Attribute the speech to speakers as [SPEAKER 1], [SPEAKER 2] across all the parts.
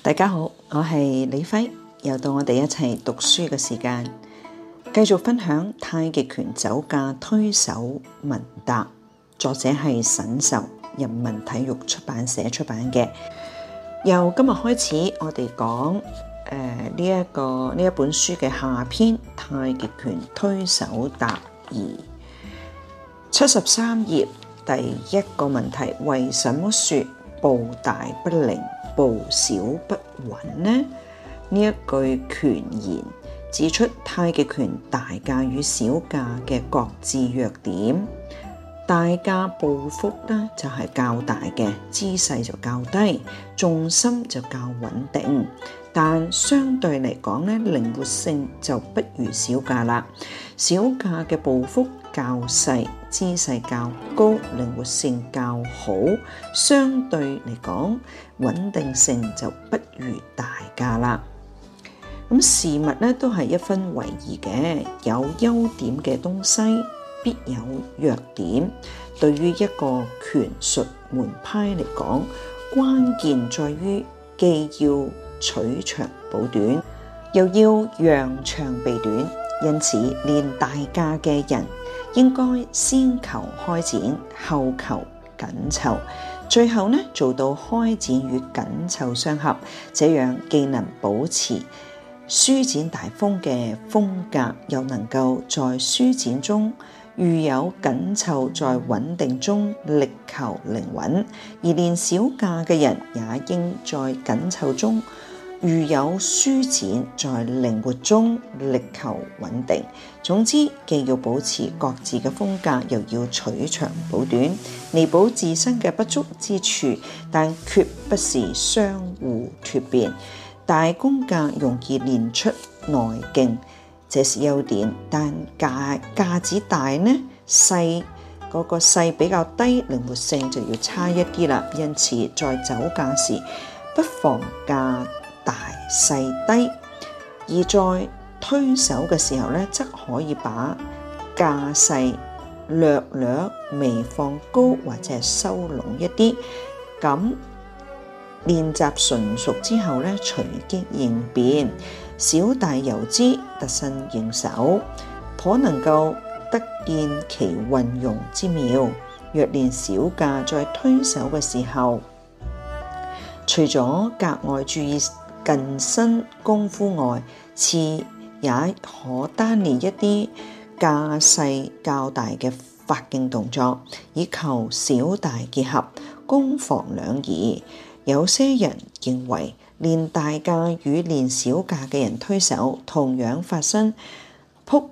[SPEAKER 1] 大家好，我係李輝，又到我哋一齊讀書嘅時間，繼續分享太極拳走架推手問答，作者係沈壽，人民體育出版社出版嘅。由今日開始，我哋講誒呢一個呢一本書嘅下篇《太極拳推手答二》，七十三頁第一個問題，為什麼說步大不靈，步小不穩呢？呢一句拳言指出，太極拳大架與小架嘅各自弱點。大架步幅咧就係較大嘅，姿勢就較低，重心就較穩定。但相對嚟講咧，靈活性就不如小架啦。小架嘅步幅較細，姿勢較高，靈活性較好，相對嚟講，穩定性就不如大架啦。咁事物咧都係一分為二嘅，有優點嘅東西。必有弱點。對於一個拳術門派嚟講，關鍵在於既要取長補短，又要揚長避短。因此，練大架嘅人應該先求開展，後求緊湊，最後呢做到開展與緊湊相合。這樣既能保持舒展大風嘅風格，又能夠在舒展中，遇有緊湊，在穩定中力求靈活；而練小架嘅人也應在緊湊中，遇有舒展，在靈活中力求穩定。總之，既要保持各自嘅風格，又要取長補短，彌補自身嘅不足之處，但卻不是相互脫變。大功架容易練出內勁。這是優點，但架架子大呢細嗰、那個細比較低，靈活性就要差一啲啦。因此在走架時不妨架大細低，而在推手嘅時候咧，則可以把架勢略略微放高或者係收攏一啲咁。練習純熟之後咧，隨機應變，小大由之，得心應手，頗能夠得見其運用之妙。若練小架再推手嘅時候，除咗格外注意近身功夫外，次也可單練一啲架勢較大嘅發勁動作，以求小大結合，攻防兩宜。有些人認為，練大架與練小架嘅人推手，同樣發生撲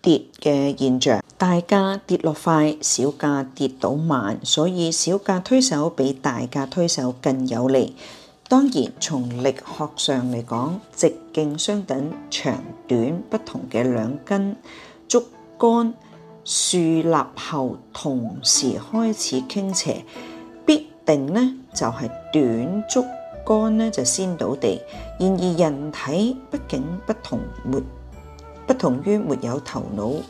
[SPEAKER 1] 跌嘅現象。大架跌落快，小架跌倒慢，所以小架推手比大架推手更有利。當然，從力學上嚟講，直徑相等、長短不同嘅兩根竹竿豎立後，同時開始傾斜，必定呢？就係短竹竿呢，就先倒地。然而，人體畢竟不同沒不同於沒有頭腦、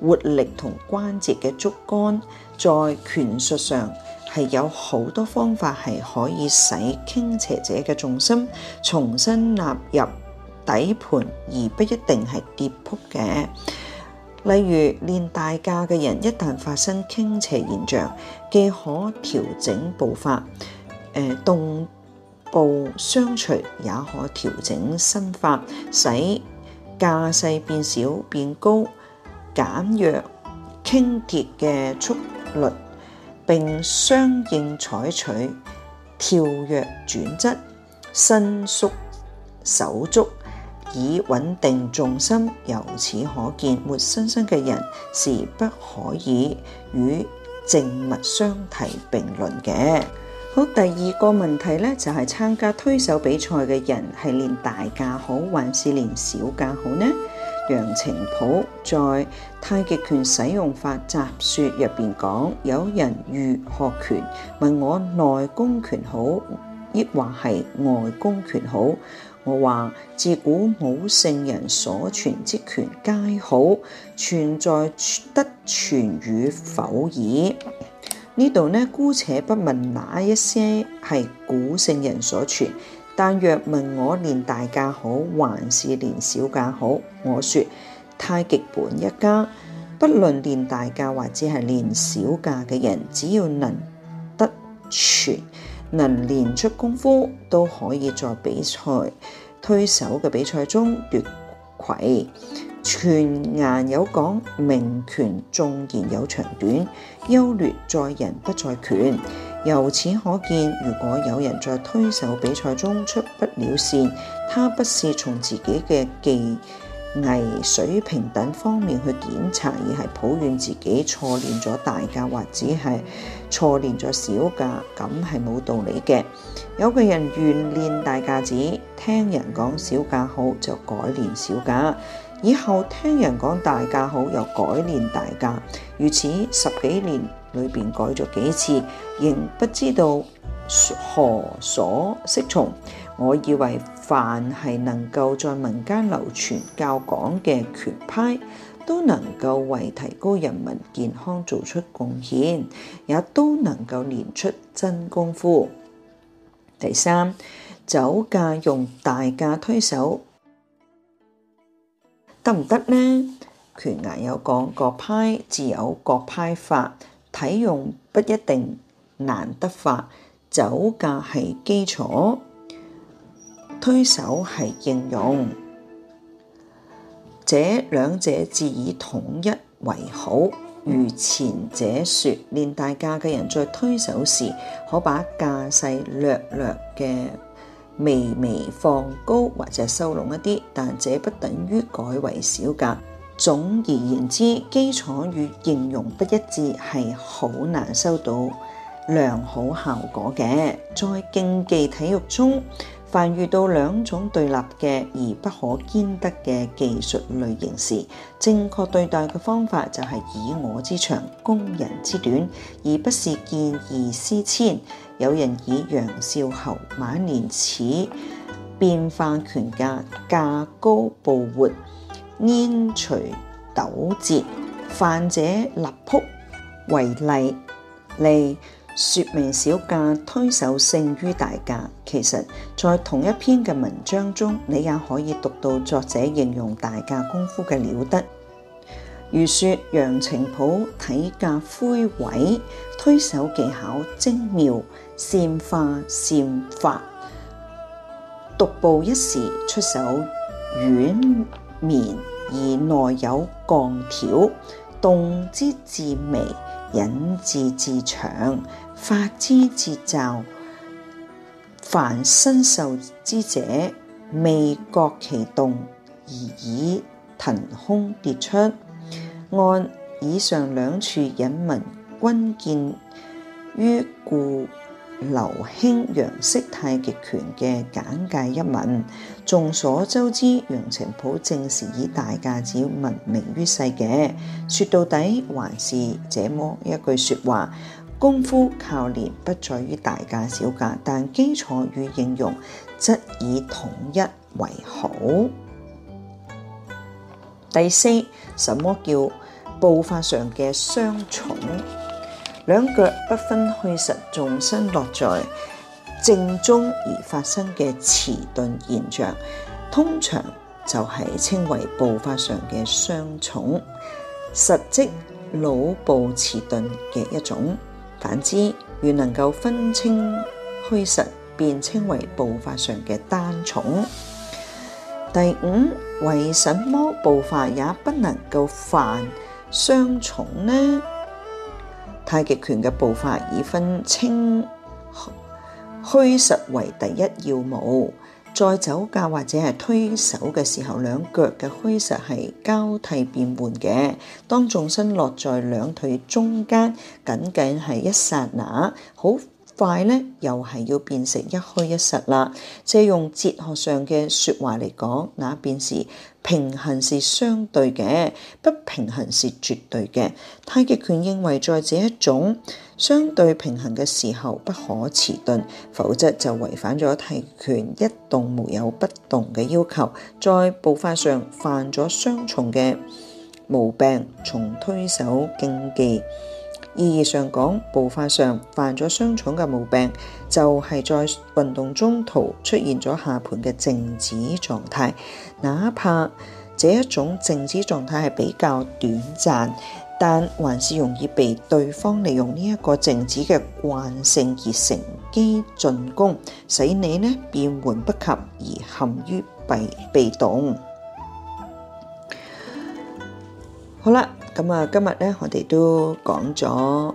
[SPEAKER 1] 活力同關節嘅竹竿，在拳術上係有好多方法係可以使傾斜者嘅重心重新納入底盤，而不一定係跌撲嘅。例如練大架嘅人，一旦發生傾斜現象，既可調整步伐。誒動步相隨，也可調整身法，使架勢變小、變高，減弱傾跌嘅速率，並相應採取跳躍、轉側、伸縮手足，以穩定重心。由此可見，活生生嘅人是不可以與靜物相提並論嘅。好，第二個問題咧就係、是、參加推手比賽嘅人係練大架好還是練小架好呢？楊澄甫在《太極拳使用法集說》入邊講：有人欲學拳，問我內功拳好，抑或係外功拳好？我話自古武聖人所傳之拳皆好，存在得傳與否耳。呢度呢，姑且不問哪一些係古聖人所傳，但若問我練大架好還是練小架好，我說太極本一家，不論練大架或者係練小架嘅人，只要能得傳，能練出功夫，都可以在比賽推手嘅比賽中奪。魁拳言有講，名拳縱然有長短，優劣在人不在拳。由此可見，如果有人在推手比賽中出不了線，他不是從自己嘅技。藝術水平等方面去檢查，而係抱怨自己錯練咗大架，或者係錯練咗小架，咁係冇道理嘅。有個人願練大架子，聽人講小架好就改練小架，以後聽人講大架好又改練大架，如此十幾年裏邊改咗幾次，仍不知道何所適從。我以為。凡係能夠在民間流傳較廣嘅拳派，都能夠為提高人民健康做出貢獻，也都能夠練出真功夫。第三，走架用大架推手得唔得呢？拳藝有講，各派自有各派法，體用不一定難得法，走架係基礎。推手係應用，這兩者自以統一為好。如前者說，練大架嘅人，在推手時可把架勢略略嘅微微放高或者收攏一啲，但這不等於改為小架。總而言之，基礎與應用不一致係好難收到良好效果嘅。在競技體育中，凡遇到兩種對立嘅而不可兼得嘅技術類型時，正確對待嘅方法就係以我之長攻人之短，而不是見異思遷。有人以楊少侯晚年始變化拳架，權架高步活，粘隨抖接，犯者立仆為例，例。說明小架推手勝於大架，其實，在同一篇嘅文章中，你也可以讀到作者形容大架功夫嘅了得。如說楊澄甫睇架恢偉，推手技巧精妙，善化善發，獨步一時。出手軟綿，而內有鋼條，動之至微，引之至長。法之節奏，凡身受之者，未覺其動而已騰空跌出。按以上兩處引文，均見於顧劉興楊式太極拳嘅簡介一文。眾所周知，楊澄甫正是以大架子聞名於世嘅。說到底，還是這麼一句説話。功夫靠練，不在於大架小架，但基礎與應用則以統一為好。第四，什麼叫步法上嘅雙重？兩腳不分虛實，重心落在正中而發生嘅遲鈍現象，通常就係稱為步法上嘅雙重，實質腦部遲鈍嘅一種。反之，如能夠分清虛實，便稱為步法上嘅單重。第五，為什麼步法也不能夠犯雙重呢？太極拳嘅步法以分清虛實為第一要務。在走架或者係推手嘅時候，兩腳嘅虛實係交替變換嘅。當重心落在兩腿中間，僅僅係一刹那，好快咧，又係要變成一虛一實啦。借用哲學上嘅說話嚟講，那便是平衡是相對嘅，不平衡是絕對嘅。太極拳認為在這一種。相對平衡嘅時候不可遲鈍，否則就違反咗太極拳一動無有不動嘅要求，在步法上犯咗雙重嘅毛病。從推手競技意義上講，步法上犯咗雙重嘅毛病，就係、是、在運動中途出現咗下盤嘅靜止狀態，哪怕這一種靜止狀態係比較短暫。但還是容易被對方利用呢一個靜止嘅慣性，而乘機進攻，使你咧變換不及而陷於被被動。好啦，咁啊，今日咧我哋都講咗誒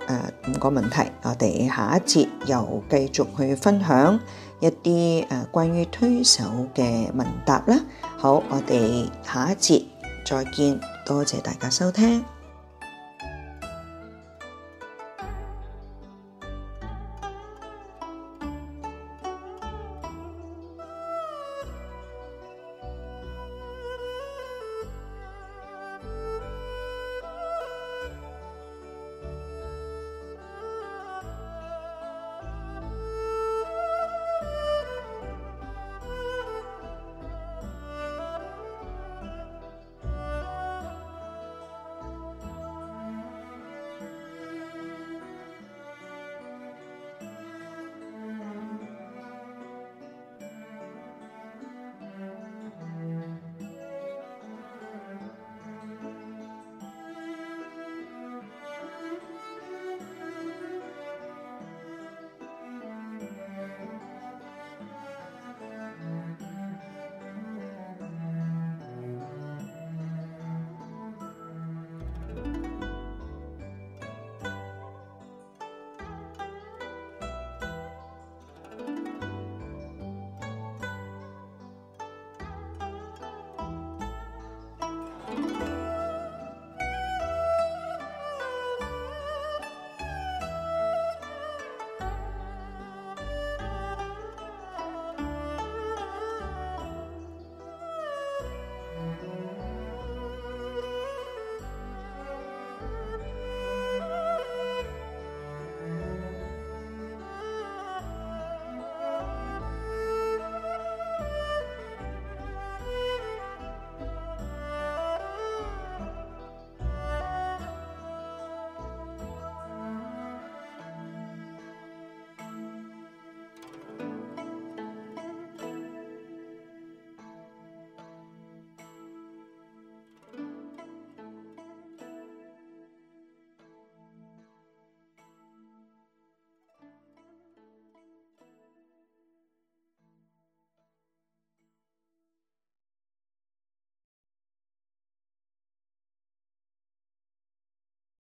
[SPEAKER 1] 五個問題，我哋下一節又繼續去分享一啲誒關於推手嘅問答啦。好，我哋下一節再見，多謝大家收聽。